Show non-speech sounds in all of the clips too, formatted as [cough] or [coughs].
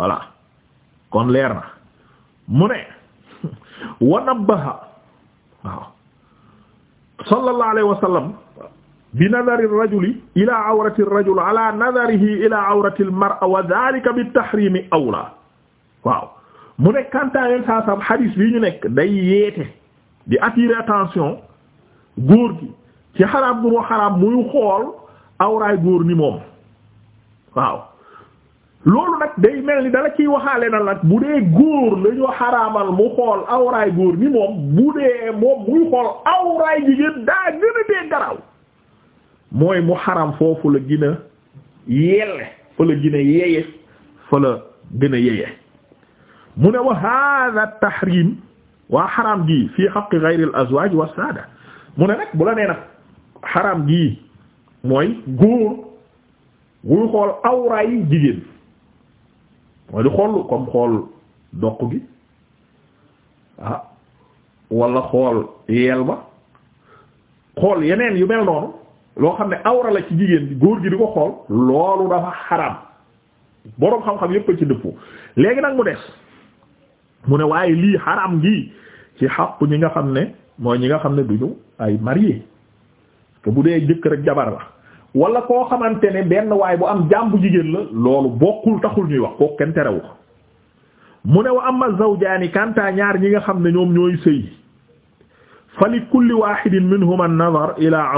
voilà kon leer na mu ne wa nabbaha waaw sallallahu alayhi bi nadari rajuli ila awrati rajul ala nadarihi ila waaw mu ne kantaayeen saa hadis bi ñu nekk day yeete di attirer attention góor ci xaraam bu mu xaraam muy xool awraay góor moom loolu nag day mel ni dala kiy waxaale na nag bu dee góor la ñu xaraamal mu xool awraay góor ni moom bu dee moom muy xool awraay jigéen daa gën a dee garaw mooy mu xaram foofu la gën a yelle fa la gën a yeye fa la gën a yeye mu ne wa hada tahrim waa xaram gii fii xaqi ghayri al azwaj wa saada mu ne nag bu la nee nag xaram gii mooy góor muy xool awraay jigéen mooy di xool comme xool doq gi ah wala xool yeel ba xool yeneen yu mel noonu loo xam ne awra la ci jigéen gi góor gi di ko xool loolu dafa xaram boroom xam-xam yépp ci dëppoo léegi nag mu des mu ne waaye lii xaram gi ci xàqu ñi nga xam ne mooy ñi nga xam ne du duñu ay marié te bu dee jëkkër rek jabar la wala koo xamante ne benn waay bu am jaam jigéen la loolu bokkul taxul ñuy wax kooku kenn terewu ko mu ne wa amma zawjaani kanta ñaar ñi nga xam ne ñoom ñooy sëy fa li kulli wahidin minhuma an-nazar ila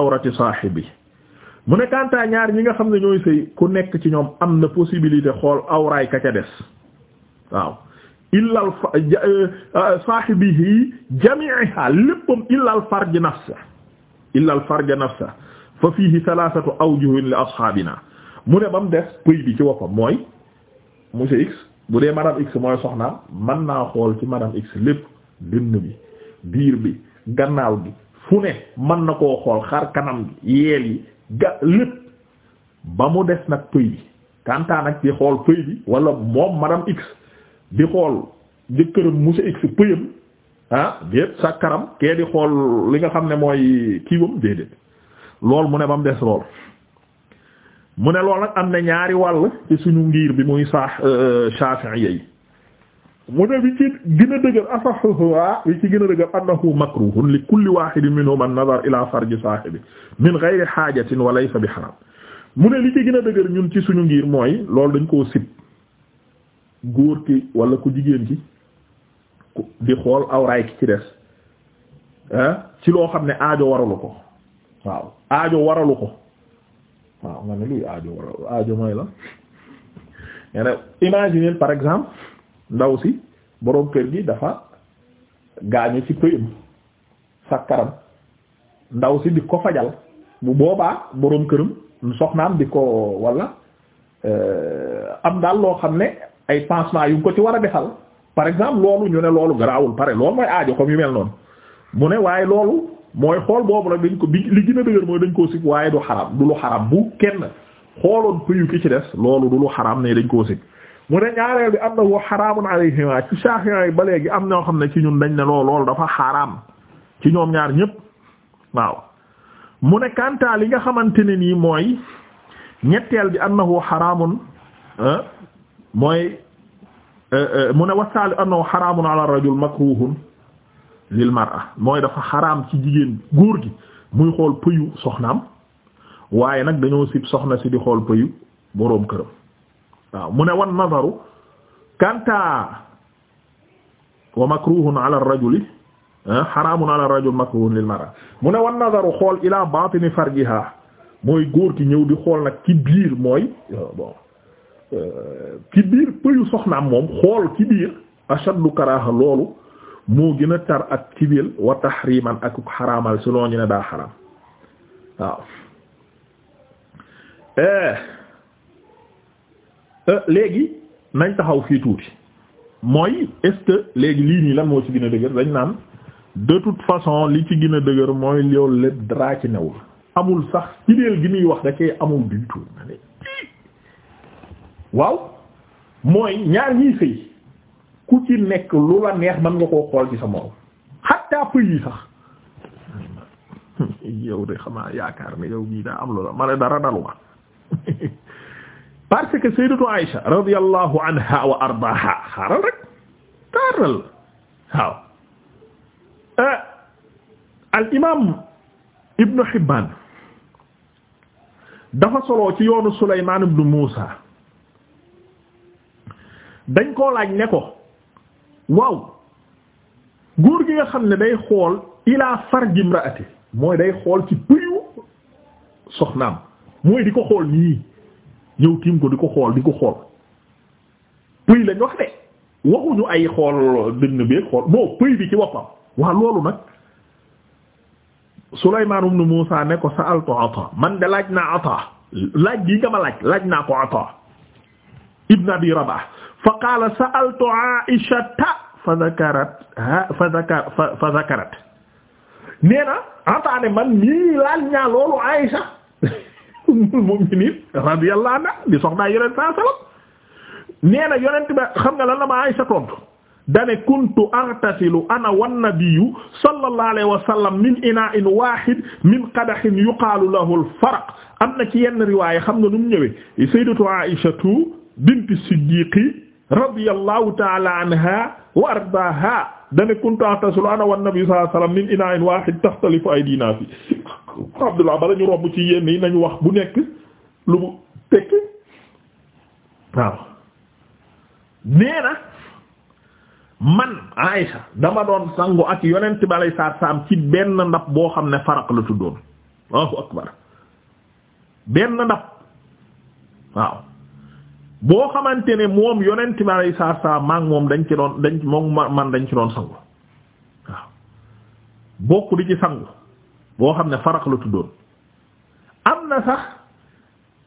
mu ne ñaar ñi nga xam ne ñooy sëy ku nekk ci ñoom am na possibilité xool awraay ka ca des waaw illa al euh, euh, saahibihi jami'iha léppam illa al farj nafsa illa al farj nafsa fa fiihi aw awjuhin li ashaabina mu ne ba mu des pëy bi ci woppam mooy monsieur X bu dee madame X mooy soxnaam man naa xool ci madame X lépp dënn bi biir bi gannaaw bi fu ne mën na koo xool xar kanam gi yeel yi ga lépp ba mu des nag pëy bi kantaan ak di xool pëy bi wala moom madame X di xool jëkkëram monsieur X pëyam ah déet kee di xool li nga xam ne mooy kiiwam déedéet lool mu ne ba mu des lool mu ne lool nag am na ñaari wàll ci suñu ngiir bi muy saax euh, euh, Shafi'i yi mu ne bi ci gën a dëgër asaxuha ah, bi ci gën li kulli wahidin minhum an-nazar ila farji saahibi min ghayri hajatin wa laysa mu ne li ci gën a dëgër ñun ci suñu ngiir mooy loolu dañ koo sib góor ki wala ku jigéen ki di xool aw ki ci des ah, ci loo xam ne aajo waralu ko waaw aajo waralu ko waaw nga ne luy aajo waralu aajo mooy la nga ne par exemple ndaw si boroom kër gi dafa gaañu ci pëyam sakkaram ndaw si di ko fajal bu boobaa boroom këram soxnaam di ko walla euh, am daal loo xam ne ay pansement yu ko ci war a defal par exemple loolu ñu ne loolu garaawul pare loolu mooy aajo comme yu mel noonu mu ne waaye loolu mooy xool boobu nag dañ ko bi li gën a dëgër mooy dañ koo sib waaye du xaram du lu xaram bu kenn xooloon pëyu ki ci des loolu du lu xaram ne dañ ko sib mu ne ñaareel bi am na wa xaraamun alayhima ci Shafi'i ba léegi am ñoo xam ne ci ñun dañ ne lool loolu dafa xaram ci ñoom ñaar ñëpp waaw mu li nga xamante ne nii mooy ñetteel bi annahu xaraamun ah, mooy eh, eh, mu ne wasaali annahu xaraamun ala rajul makruhun lil mar'a mooy dafa xaraam ci jigéen góor gi muy xool pëyu soxnaam waaye nag dañoo sib soxna si di xool pëyu boroom këram waaw mu ne wan nazaru kanta wa makruhun ala ar-rajuli ah, xaraamun ala ar-rajul makruhun lil mar'a mu ne wan nazaru xool ila batini farjiha mooy góor gi ñëw di xool nag ci biir mooy euh, bon euh, ci biir pëyu soxnaam moom xool ci biir ashaddu loolu moo gën a tar ak kibil wa tahriman ak xaraamal selon ñu ne daa xaraam waaw eh. Eh, léegi nañ taxaw fii tuuti mooy est léegi lii nii lan moo ci gën a dëgër dañ naan de toute façon li ci gën a dëgër mooy loolu lépp dara ci newul amul sax kibeel gi muy wax da amul du tout waaw mooy ñaar ñiy sëy ku ci nekk lu la neex mën nga koo xool ci sa morom xatta pëy sax [laughs] yow de xamaa yaakaar ne yow bii daa am lu la ma ne dara daluma [laughs] parce que sayyidatu Aïsha radiyallahu anha wa ardaha xaaral rek taaral waaw euh, al imam ibnu Hibban dafa solo ci yoon Sulaymaan ibnu Muusa dañ koo laaj ne waaw góor gi nga xam ne day xool ilaa far imraati mooy day xool ci pëyu soxnaam mooy di ko xool nii ñëw tiim ko di ko xool di ko xool pëy lañu wax de waxuñu ay xool dënn bi xool boo pëy bi ci boppam waa loolu nag Sulaymaan ibn Muusaa ne ko sa'altu Ataa man de laaj naa Ataa laaj gi nga ma laaj laaj naa ko Ataa ibn Abi Rabaah fa qaala sa'altu Aishata fa zakarat fa zakar fa zakarat nee na antaane man mii laal ñaa loolu Aisha ummul [laughs] mu'minin radiyallahu anha di soxnaa yonent saa sallam nee na yonent ba xam nga lan la ma Aisha tontu dane kuntu aghtasilu ana wannabiyu sallallahu alayhi wa sallam min inaa'in waahid min qadahin yuqaalu lahu al-faraq am na ci yenn riwaaya xam nga nu mu ñëwee sayyidatu Aishatu binti Siddiqi radiyallahu ta'ala anha wa ardaaha dane kuntu atasulu ana wan nabi sallallahu min inaa'in waahid taxtalifu aydina fi Abdullah bala ñu romb ci yenn yi nañu wax bu nekk lu mu tekki waaw nee na man Aïcha dama doon sangu ak yonent bi alayhi salaam ci benn ndab boo xam ne faraq la tuddoon Allahu akbar benn ndab waaw boo xamante ne moom yonent bi alayhi salaatu salaam maak moom dañ ci doon dañ moom man dañ ci doon sangu waaw bokk di ci sangu boo xam ne faraq la tuddoon am na sax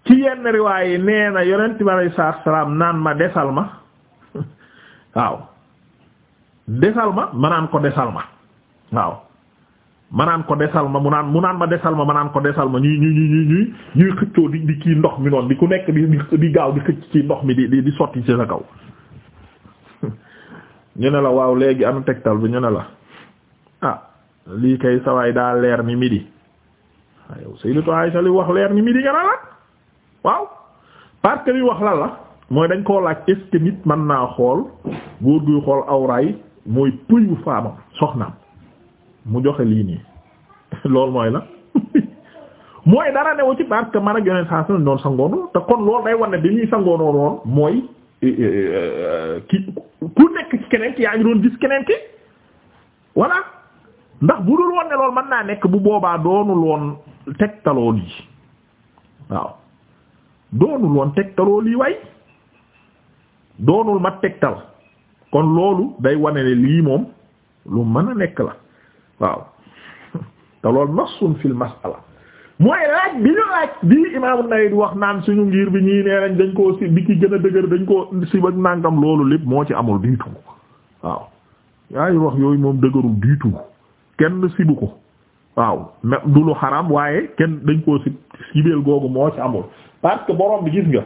ci yenn riwaay yi nee na yonent bi alayhi salaatu naan ma desal ma [laughs] waaw desal ma ma naan ko desal ma waaw manaan ko desal ma mu naan mu naan ma desal ma manaan ko desal ma ñuy ñuy ñuy ñuy xëccoo di kii ndox mi noonu di ku nekk di di gaaw di xëcc ci ndox mi di di sotti ci sa kaw. [laughs] ñu ne la waaw léegi am tegtal bi ñu ne la ah lii kay sawaay daa leer ni midi waaw ah, yow Sayyidatu Aisha li wax leer ni midi nga la waaw parce que wax la la mooy dañ koo laaj est-ce nit mën naa xool góor guy xool awraay mooy pëyu faamam soxnaam. mu joxe lii nii [laughs] loolu mooy la [laughs] mooy dara newu ci parce que man ak yoneen saa sala doon sangoonoo te kon loolu day wanne bi ñuy sangoonoo noonu mooy eh, eh, eh, ki ku yaa ngi doon gis keneen ki ndax bu dul naa nekk bu boobaa doonul woon tegtalool yi waaw doonul woon tegtalool ma tegtal kon loolu day wane lii moom lu mën a nekk la waaw te loolu nassun fil mas'ala mooy laaj bi ñu laaj bii imaam an wax naan suñu ngiir bi ñii nee nañ dañ koo si bi ci gën a dëgër dañ koo si ba nàngam loolu lépp moo ci amul du tout waaw yaay wax yooyu moom dëgërul du tout kenn sibu ko waaw du lu xaram waaye kenn dañ koo si sibeel googu moo ci amul parce que borom bi gis nga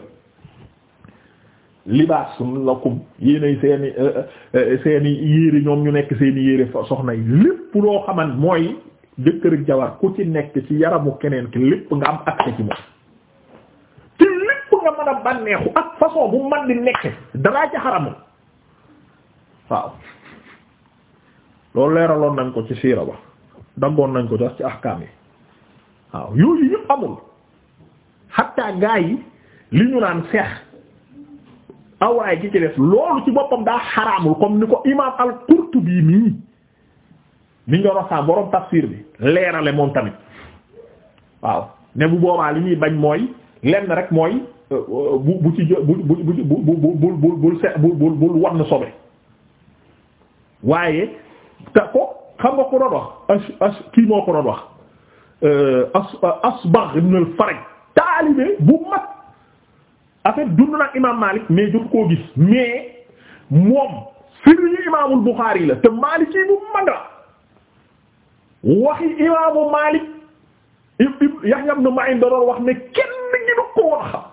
libaasun lakum yéenay seeni euh, euh, euh, seeni yére ñoom ñu nekk seeni yére soxna yi lépp loo xaman mooy jëkkër ak jabar ku ci nekk ci yaramu keneen ki lépp nga am accès ci moom ci lépp nga mën a bànneexu ak façon bu man di nekk daraa ca xaramu waaw loolu leeraloon nañ ko ci siira ba dangoon nañ ko sax ci ahkaam yi waaw yooyu yëpp amul xatta gaa yi li ñu naan seex awraay ah gi ci des loolu ci boppam daa xaraamul comme ni ko imaam al bii nii ni nga boroom saa bi leerale moom tamit waaw ne bu boobaa li ñuy bañ mooy lenn rek mooy euh, euh, bu bu ci bu bu bu bu bu bu bul se bu bu bul wann sobe waaye te ko xam nga ko doon wax euh, as ko doon wax as Asbagh ibn bu mag en fait dund nag imaam Malik mais jotu koo gis mais moom sëriñu imaamul Buxaari la te Malik yi bu mag la waxi imaamu Malik Yahya ibn Ma'in daroon wax ne kenn ngi du ko war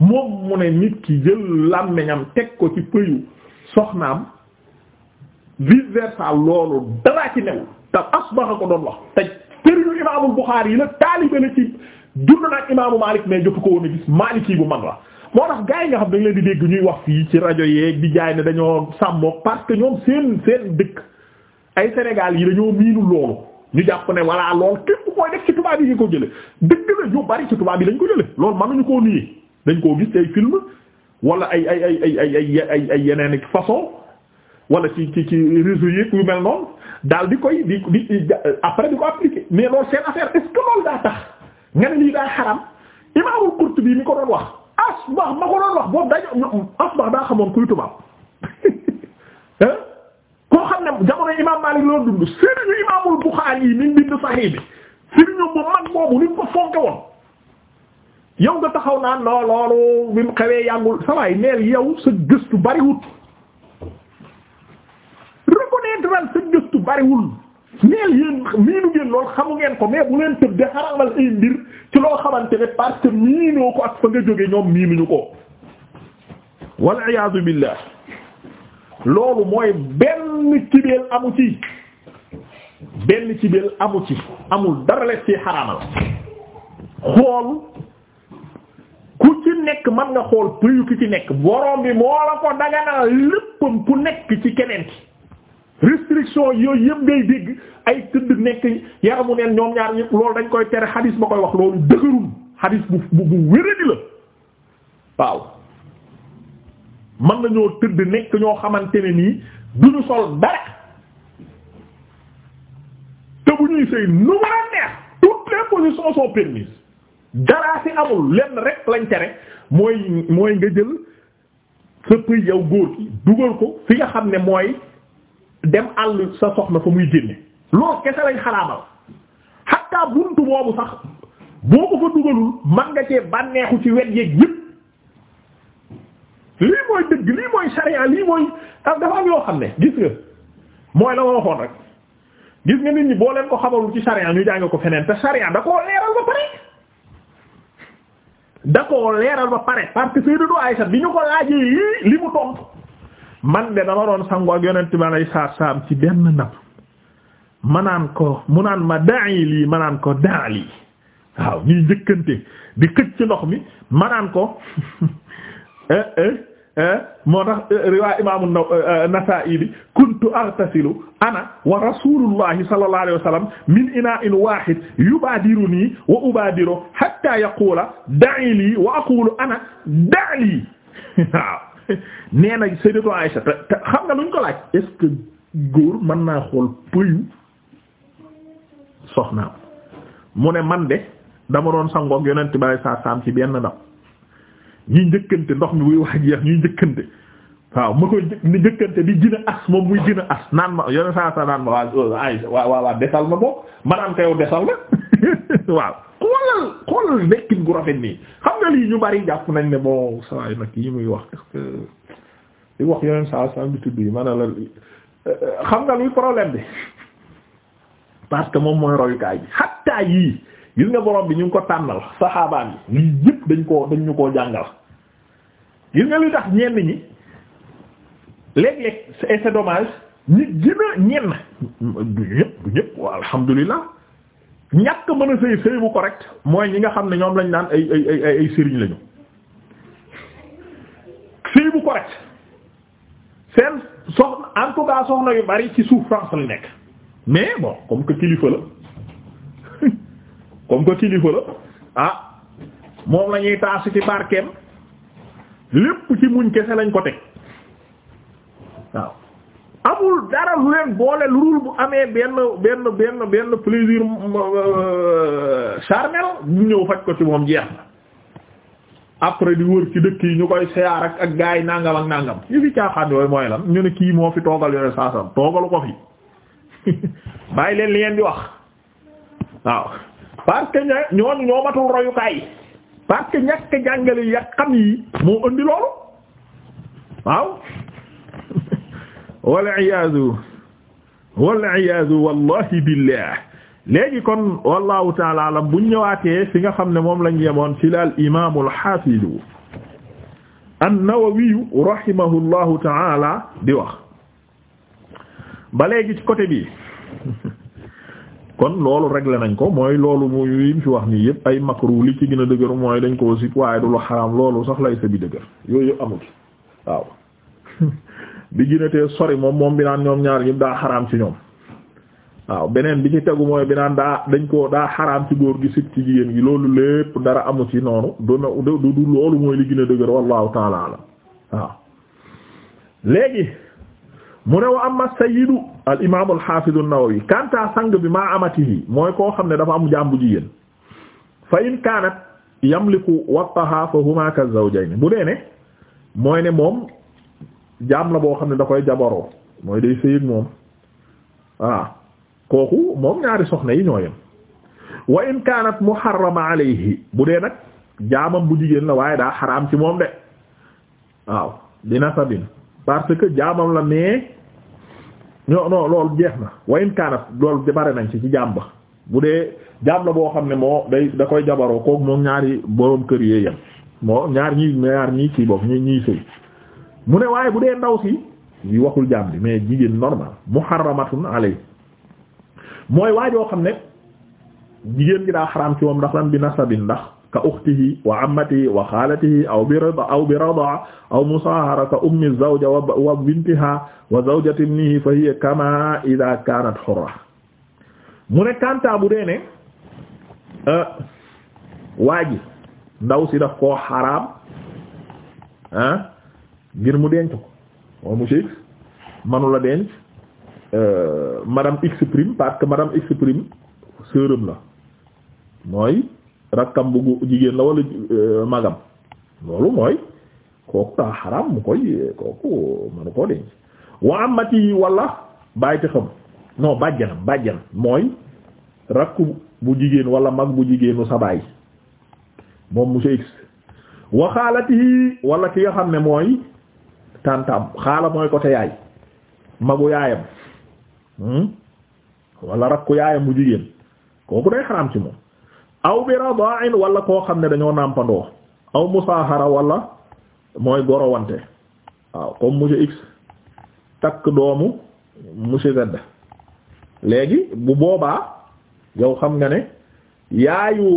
moom mu ne nit ki jël làmmiñam teg ko ci pëyu soxnaam vice versa loolu dara ci new te asbaxa ko doon wax te sëriñu imaamul Buxaari la taalibe la ci dund na ak imaamu Malik mais jotu ko woon a gis Maliki bu mag la moo tax gars yi nga xam dañ leen di dégg ñuy wax fii ci rajo yeeg di jaay ne dañoo sàmmook parce que ñoom seen seen dëkk ay Sénégal yi dañoo miinu loolu ñu jàpp ne voilà lool képp koy def ci tubaab yi ñu ko jële dëkk la ñu bari ci tubaab yi dañ ko jële loolu mënuñu koo nii dañ koo gis ci ay film wala ay ay ay ay ay ay ay ay yeneen façon wala ci ci ci réseau yëpp yu mel noonu daal di koy di di après di ko appliquer mais loolu nga ne lii daa xaram imaamul Qurtubi mi ko doon wax asbax ma ko doon wax boobu dañu asbax daa xamoon kuy tubaab [laughs] koo xam ne jamono imaam Maalik loolu dund sëriñu imaamul Buxaari yi niñ bind Sahih bi sëriñu bu mag boobu niñ ko fonke woon yow nga taxaw naan loo loolu bi mu xewee yàggul sawaay yow sa gëstu bariwul reconnaître sa bariwul neel yéen miinu ngeen lool xamu ngeen ko mais bu leen tëb de xaramal ay mbir ci loo xamante ne parce que miinoo ko ak fa nga jóge ñoom miinuñu ko wal iyaadu billah loolu mooy benn cibeel amu ci benn amu ci amul dara les ci xaramal xool ku ci nekk mën nga xool pëyu ki ci nekk borom bi moo la ko daganal léppam ku nekk ci keneen ki restriction yooyu yëpp ngay dégg ay tëdd nekk yaramu neen ñoom ñaar yëpp loolu dañ koy tere xadis ba koy wax loolu dëgërul xadis bu bu bu wéradi la waaw mën nañoo tëdd nekk ñoo xamante ne nii duñu sol dara te bu ñuy sëy nu ma la neex toutes les positions sont permises daraa amul lenn rek lañ tere mooy mooy nga jël sa pëy yow góor gi dugal ko fi nga xam ne mooy dem àll sa soxna fa muy génne loolu kese lañ xalaamal xatta buntu boobu sax boo ko fa dugalul man nga cee bànneexu ci wet yeeg yëpp lii mooy dëgg lii mooy sariya lii mooy dafa am yoo xam ne gis nga mooy la ma waxoon rek gis nga nit ñi boo leen ko xamalul ci sariya ñu jàng ko feneen te sariya da koo leeral ba pare da koo leeral ba pare parce que Sayyidatu Aisha bi ñu ko laajee yii li mu tontu. man de dama doon sangu ak yonent bi alayhi salaam ci benn napp ma naan ko mu naan ma da'i lii ma naan ko da'i lii waaw ñuy njëkkante di xëcc ci ndox mi ma naan ko [laughs] eh, eh, eh, moo tax riwaay imaamu Nasaa'i bi kuntu aghtasilu ana wa rasuulullahi sallallahu alayhi wa sallam min inaa'in waahid yubaadirunii wa ubaadiru hattaa yaquula da'i lii wa aquulu ana da'i lii [laughs] waaw [laughs] nee na Sayyidatu Aisha te te xam nga luñ ko laaj est ce que góor mën naa xool pëyu soxnaam mu ne man de dama doon sangoog yonent bi saa saam ci benn ndam ñuy njëkkante ndox mi buy wax jeex ñuy njëkkante waaw ma koy ni di gën as moom muy gën a as naan ma yone saa sa naan ma waa waa desal ma bokk ma naan ko yow desal ma [laughs] waaw xoolal xoolal nekkin gu rafet nii xam nga lii ñu nañ ne bon saa yi muy wax wax yoneen ma xam nga problème bi parce que moom mooy royukaay bi xattaa yii gis nga borom bi ñu ngi ko tànnal saxaabaan yi lii yëpp dañ ko dañ ñu koo jàngal gis nga li tax ñenn ñi léeg-léeg c'est dommage ñi gën a ñenn du ñëpp du ñëpp waaw alhamdulilah ñàkk mën a sëy sëy bu correct mooy ñi nga xam ne ñoom lañu daan ay ay ay ay sëriñ lañu sëy bu correct seen soxna en tout soxna yu bari ci souffrance la nekk mais bon comme que kilifa la comme que kilifa la ah moom la ñuy ci barkeem lépp ci muñ kese lañ ko teg. waaw amul dara lu leen boole lu dul bu amee benn benn benn benn plaisir euh, charnel ñu ñëw faj ko ci moom jeex na après di wër ci dëkk yi ñu koy seyaar ak ak gaay nangam ak nangam yi fi caaxaan yooyu mooy lan ñu ne kii moo fi toogal yooyu saasam toogalu ko fi [laughs] bàyyi leen li ngeen di wax waaw parce que ñooñu ñoo matul royukaay yi parce jàngale yi ak xam yi moo indi loolu waaw wal iyaadu wal iyaadu wallahi billah léegi kon wallahu taala alam buñ ñëwaatee fi nga xam ne moom lañ yemoon ci laal imaamu alxaafidu an-Nawawiyu rahimahullahu taala di wax ba léegi ci côté bi kon loolu réglé nañ ko mooy loolu muy yim fi wax nii yëpp ay makru li ci gën a dëgër mooy dañ koo sib waaye du lu xaraam loolu sax lay sa bi dëgër yooyu yëpp waaw [laughs] bi gënatee sori moom moom bi naan ñoom ñaar ñëpp daa xaraam ci ñoom waaw beneen bi ci tegu mooy bi naan daa dañ ko daa xaraam ci góor gi sit ci jigéen gi loolu lépp dara amu ci noonu du du loolu mooy li gën dëgër wallahu taala waaw léegi mu ne wa amma sayyidu al imaam al haafid an-Nawawi sang bi maa amatihi mooy koo xam ne dafa am jaam bu jigéen fa in kaanat yamliku wattaha fa huma ka zawjayn bu dee ne mooy ne moom jaam la boo xam ne da koy jabaroo mooy day sëy ak moom voilà ah kooku moom ñaari soxna yi ñoo yem wa in kaanat muharrama alayhi bu dee nag jaamam bu jigéen la waaye daa xaraam ci moom de waaw dina sabin parce que jaamam la mais ño non loolu jeex na wa in kaanat loolu bare nañ ci ci jaam ba bu dee jaam la boo xam ne moo day da koy jabaroo kooku moom ñaari boroom kër yee yem moo ñaar ñi ñaar ñi ci bokk ñi ñiy sëy mu ne waaye bu dee ndaw si yi waxul jaam bi mais jigéen normal muharramatun alay mooy xam ne jigéen gi daa xaraam ci moom ndax lan bi nasabin ndax ka uxtihi wa ammatihi wa xaalatihi aw bi rida aw bi rida aw musaahara ka ummi zawja wa bintiha wa zawjati ibnihi fa hiya kama idha kanat hurra mu ne kanta bu dee ne euh, waa ji ndaw ngir mu denc ko moom monsieur X manu la denc euh, madame X prime parce que sërëm la mooy rakkam bu jigéen la walla euh, magam loolu mooy kooku daa xaram mu koy kooku manu koo denc wa amati wala bàyyi xam non bàjjanam bàjjan mooy rakku bu jigéen wala mag bu jigéenu sa baay moom monsieur X waxaalati wala ki nga xam ne mooy tantam xaala mooy côté yaay magu yaayam hmm? wala rakku yaayam bu jigéen kooku day xaraam ci moom aw bi rada'in wala koo xam ne dañoo nàmpandoo aw musaahara walla mooy gorowante waaw comme monsieur x takk doomu monsieur z léegi bu boobaa yow xam nga ne yaayu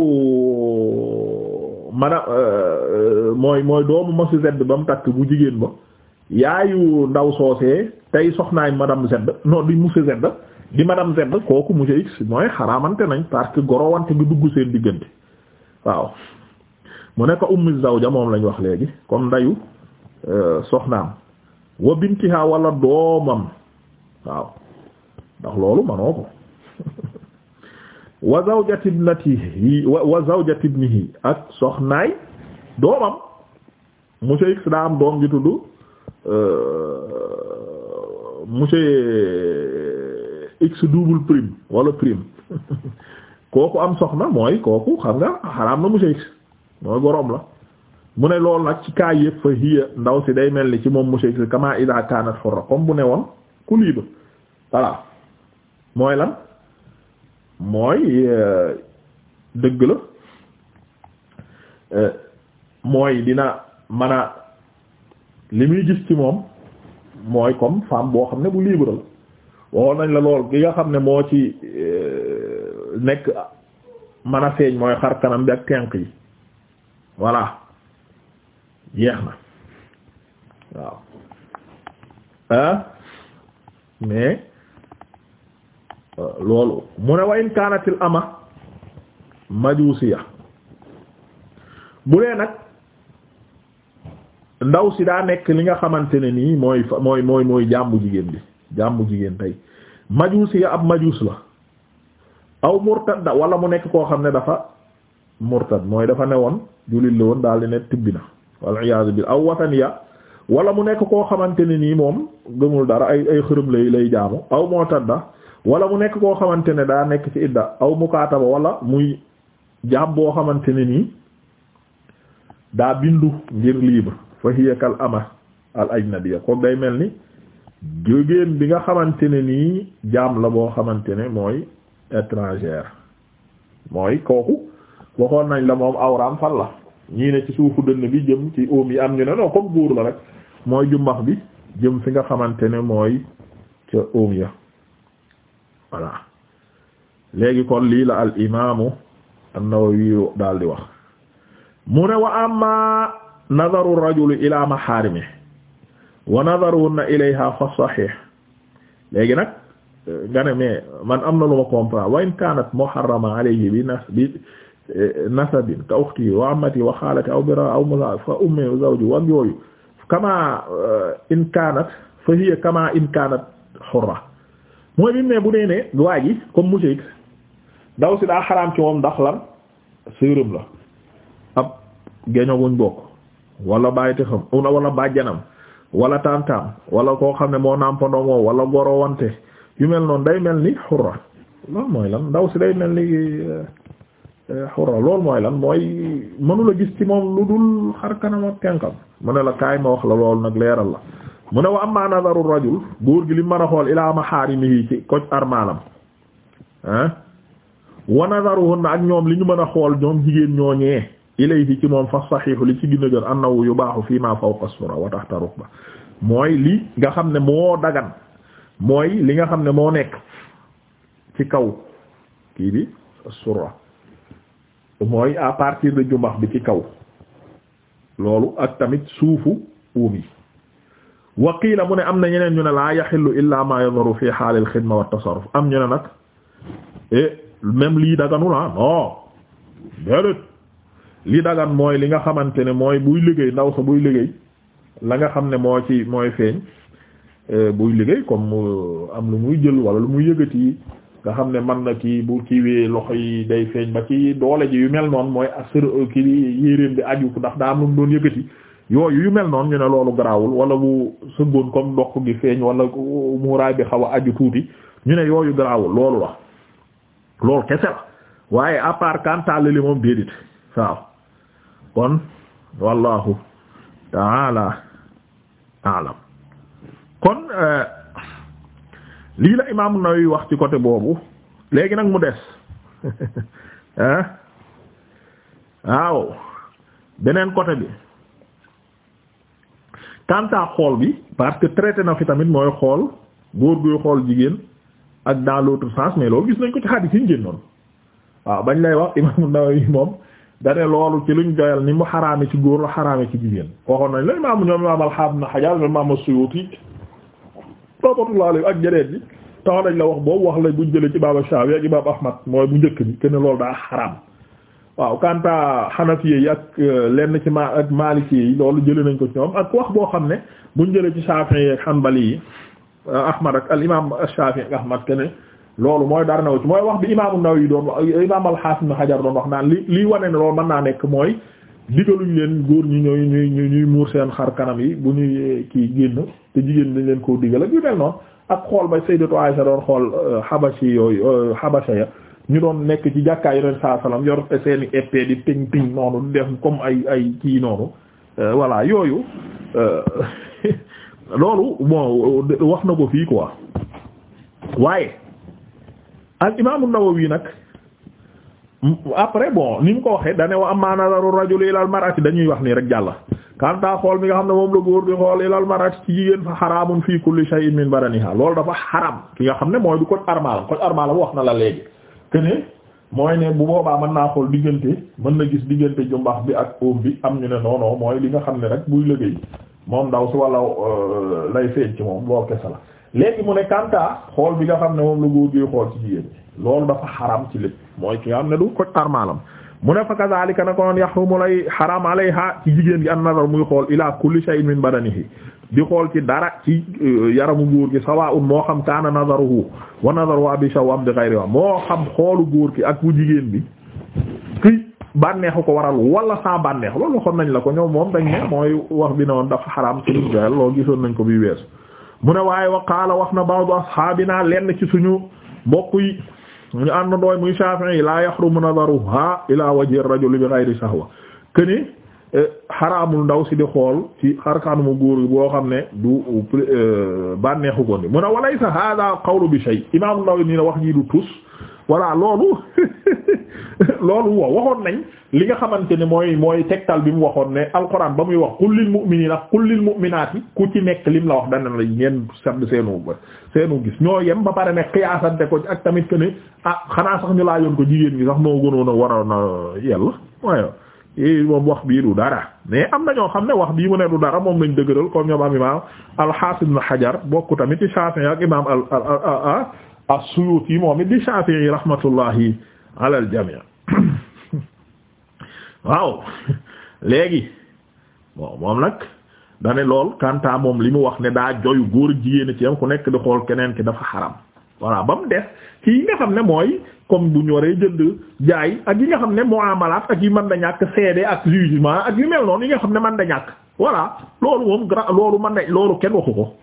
mana euh, euh, mooy mooy doomu monsieur z ba mu takk bu jigéen ba yaayu ndaw soosee tey soxnaay madame Z non di monsieur Z di madame Z kooku monsieur X mooy xaraamante nañ parce que gorowante bi dugg seen diggante waaw mu ne ummi zawja moom lañ wax léegi kon ndayu euh, soxnaam wa bintiha wala doomam waaw ndax loolu manoo ko [laughs] wa zawjati ibnatihi wa zawjati ibnihi ak soxnaay doomam monsieur X daa am doom ji tudd Euh, monsieur x double prime wala prime [laughs] kooku am sox na mooy kooku xam nga xaraam na monsieur x mooy goroom la mu ne lool nag ci kaay yëpp fa hiya ndaw si day mel ni ci moom monsieur x kama ida kanat hurra comme bu ne woon ku libre voilà mooy lan mooy euh, dëgg la euh, mooy dina mën li muy gis ci moom mooy comme femme boo xam ne bu libre la waxoon nañ la lool ki nga xam ne moo ci euh, nekk mën a feeñ mooy xar kanam bi ak tenq yi voilà jeex na waaw ah mais euh, loolu mu ne wa in kaanatil ama majusiya bu dee nag ndaw si daa nekk li nga xamante ne nii mooy mooy mooy mooy jàmbu jigéen bi jàmbu jigéen tey majuus ya ab majuus la aw murtad da wala mu nekk koo xam ne dafa murtad mooy dafa ne woon jullit la daal di ne tibbi na wal iyaazu billaah aw wala mu nekk koo xamante ne nii moom gëmul dara ay ay xërëm lay lay jaamu aw murtad da wala mu nekk koo xamante ne daa nekk ci idda aw mukaataba wala muy jaam boo xamante ne nii daa bindu ngir libre fa hiya kal ama al ajnabiya koog day mel ni jógéen bi nga xamante ne nii jaam la boo xamante ne mooy étrangère mooy kooku waxoon nañ la moom awraam fan la ñiine ci suufu dënn bi jëm ci oom yi am ñu ne non comme góor la rek mooy jumbax bi jëm fi nga xamante ne mooy ca oom ya voilà léegi kon lii la al imaamu an-Nawawi daal di wax mu ne wa amma nadaru rajuli ila maharimi wa nadaruhunna ilayha fa sahih léegi nag nga ne mais man am na lu ma comprendre wa in kanat muharrama alayhi bi nas bi nasabin ka ukhti wa ammati wa khalati aw bira aw mula fa ummi wa zawji wa yooyu kama in kanat fa hiya kama in kanat hurra mooy bi mu ne bu nee ne waa ji comme monsieur daw si daa xaraam ci moom ndax lan séeram la ab géño guñ bokk wala bàyyite xam walla bàjjanam wala taam-taam wala koo xam ne moo nàmpandoom woow wala gorowante yu mel noonu day mel ni xurra loolu mooy lan ndaw si day mel ni eh, eh, xurra loolu mooy lan mooy mënula gis ci moom lu dul xar kanam tenkam mu ne la kaay ma wax la loolu nag leeral la mu ne wa amma nadaru rajul góor gi li mën a xool ilaa yi ci koc armalam ah eh? wa nadaruhunna ak ñoom li ñu mën a xool ñoom jigéen ñooñee ilayhi ci moom fa saxiixu li ci gën a gën annahu yubaaxu fii ma a sura wa taxta rukba mooy li nga xam ne moo dagan mooy li nga xam ne moo nekk ci kaw kii bi sura mooy à partir de jumbax bi ci kaw loolu ak tamit suufu uum yi wa qiila mu ne am na yeneen ñu ne laa yaxillu illa ma yadharu fi xaal al xidma wa tasarruf am ñu ne nag eh, même lii daganu la ah, non déedéet li dagan mooy li nga xamante ne mooy buy liggéey ndaw sa buy liggéey la nga xam ne moo ci mooy feeñ euh, buy liggéey comme euh, am lu muy jël wala lu muy yëgati nga xam ne man na kii bu kiiwee loxo yi day feeñ ba ci doole ji yu mel noonu mooy assur euh, ki yéréen bi aju ndax daa am lu mu doon yëgati yooyu yu mel noonu ñu ne loolu garaawul wala bu sëggoon comme dox gi feeñ wala muuraay bi xaw a aju tuuti ñu ne yooyu garaawul loolu la loolu kese la waaye à kon wallahu taala alam kon eh, lii la imaamu Nawawi wax ci côté boobu léegi nag mu des ah [laughs] waaw beneen côté bi kanta xool bi parce que traité na fi tamit mooy xool góor guy xool jigéen ak dans l'autre sens mais loolu gis nañ ko ci xaadis yi ñu génnoon waaw bañ lay wax imaamu Nawawi moom dane loolu ci luñ doyal ni mu xaraame ci góor la xaraame ci jigéen waxoon nañ la imaamu ñoom imaam alxaam na xajaar imaam Suyuuti rahmatullah alayhi ak jareet bi tax nañ la wax boobu wax la bu jëlee ci Imaam Shaafi ak Imaam Ahmad mooy bu njëkk bi kenn loolu daa xaraam waaw kanta Hanafi yi ak euh, lenn ci ma ak Maliki yi loolu jëlee nañ ko ci ñoom ak wax boo xam ne buñ jëlee ci Shaafi ak Hanbali yi euh, Ahmad ak al imaam Shaafi ak Ahmad loolu mooy dara naw ci mooy wax bi imaamu Nawawi doon wax imaam al-Hasan ibn Hajar doon wax naan li lii wane ne loolu man naa nekk mooy digaluñ leen góor ñi ñooy ñuy ñuy muur seen xar kanam yi bu ñuy eh, kii génn te jigéen dañ leen ko digal ak yu mel noonu ak xool ba Sayyidatu Aisha doon xool xabashi euh, yooyu xabasa euh, ya ñu doon nekk ci jàkkaay yoneen saa salaam yor seeni épée di ting ting noonu def comme ay ay kii noonu euh, voilà yooyu [laughs] loolu bon wax na ko fii quoi al imaamu Nawawi nag après bon ni mu ko waxee da ne wa amma nazaru rajul ila al mar'ati dañuy wax nii rek jàlla kanta xool mi nga xam ne moom la góor di xool ila al mar'ati ci jigéen fa xaraamun fii kulli shay'in min badaniha loolu dafa xaram ki nga xam ne mooy du code armal code armal bu wax na la léegi que ne mooy ne bu boobaa mën naa xool diggante mën na gis diggante jumbax bi ak óom bi am ñu ne non mooy li nga xam ne rek buy liggéey moom ndaw walla euh, léegi mu ne kanta xool bi nga xam ne moom la góor gi xool ci jigéen loolu dafa xaram ci lépp mooy ki nga xam ne du ko armaalam mu ne fa kazalika na ko noon yaxrumu lay xaram alayha ci jigéen gi an nazar muy xool ila kulli shay'in min badanihi di xool ci dara ci euh, yaramu góor gi sawa'un moo xam kaana nazaruhu wa nazaru abi shaw am di ghayri wa moo xam xoolu góor gi ak bu jigéen bi ki bànneexu ko waral wala sans bànneex loolu nañ la ko ñoom moom wax bi ne woon dafa xaram ci gisoon nañ ko bi weesu mu ne waaye wa qaala wax na ba'du ashaabina lenn ci suñu mbokk yi ñu ànd ndooy muy Shafi'i la yahrumu nadaruha ila wajhi ar-rajuli bi ghayri sahwa këni eh, xaraamul ndaw si di xool ci xarkaanuma mu yi boo xam ne du eh, bànneexu ko ni mu ne walaysa hada qawlu bi shay imam Nawawi nii wax ji du tus voilà loolu [laughs] loolu wa waxoon nañ li nga xamante ne mooy mooy tegtal bi mu waxoon ne alxuraan ba muy wax qul lil mu'minina ku ci nekk li lim la wax dana lañ ngeen sedd seenu seenu gis ñoo yem ba pare ne xiyaasante ko ak tamit que ne ah xanaa sax ñu laa yoon ko jigéen gi sax moo gënoon a waroon a yell waaye eh, moom wax bii du dara mais am na ñoo xam ne wax bii mu ne du dara moom lañ dëgëral comme ñoom am imaam al-Hafiz Ibn Hajar bokku tamit ci as-Suyuti moom it di Shafi'i rahmatullahi ala al-jami' [coughs] waaw léegi bon moom nag dane lool kanta moom li mu wax ne daa joyu góor jigéen ci am ku nekk di xool keneen ki dafa xaram voilà ba mu des kii nga xam ne mooy comme bu ñu waree jënd jaay ak yi nga xam ne muamalat ak yi mën da ñàkk seede ak jugement ak yu mel noonu yi nga xam ne man da ñàkk voilà loolu moom gra loolu mën da loolu kenn waxu ko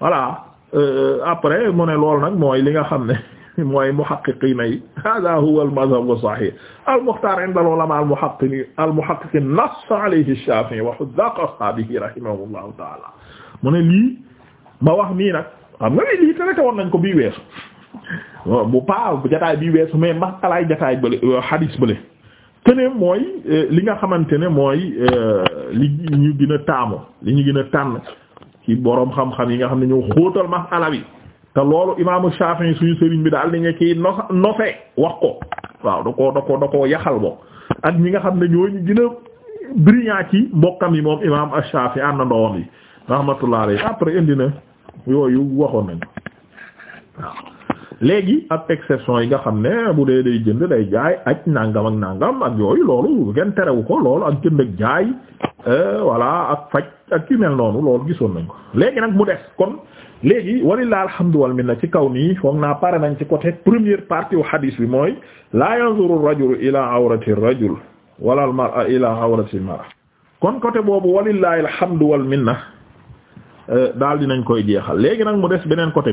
voilà Euh, après mu ne loolu nag mooy li nga xam ne [laughs] mooy muhaqqiqiina yi hada huwa al-mazhabu sahih al-mukhtar inda al-ulama al-muhaqqiqin al-muhaqqiqin nass alayhi ash-shafi'i wa ta'ala mu ne lii ma wax nii nag am nga lii traité woon nañ ko bii weesu [laughs] bu paa jataay bii weesu mais masalaay jataay bële euh, hadis bële keneen mooy euh, li nga xamante ne mooy li ñu gën taamu li ñu gën a tànn ci boroom xam-xam yi nga xam ne ñoo xóotal masala bi te loolu imaamu Shafi'i suñu sëriñ bi daal nañu ciy no nofe wax ko waaw da ko da koo da koo yaxal bokk ak ñi nga xam ne ñooñu gën a brillant ci mbokkam yi moom imaam Shafi'i ànd ndoom yi rahmatullah alayhi après indi na yooyu waxoon nañu waaw. léegi ab exception yi nga xam ne bu dee day jënd day jaay ak nangam ak nangam ak yooyu loolu kenn terewu ko loolu ak jënd ak jaay wala euh, ak faj ak yu mel noonu loolu gisoon nañ ko léegi nag mu des kon léegi walilah alhamdu wal minna ci kaw nii foog naa pare nañ ci côté première partie wu hadis bi mooy la yanzuru rajul ila awrati rajul wala al mar'a ila awrati mar'a kon côté boobu walilah alhamdu wal minna euh, daal dinañ koy jeexal léegi nag mu des beneen côté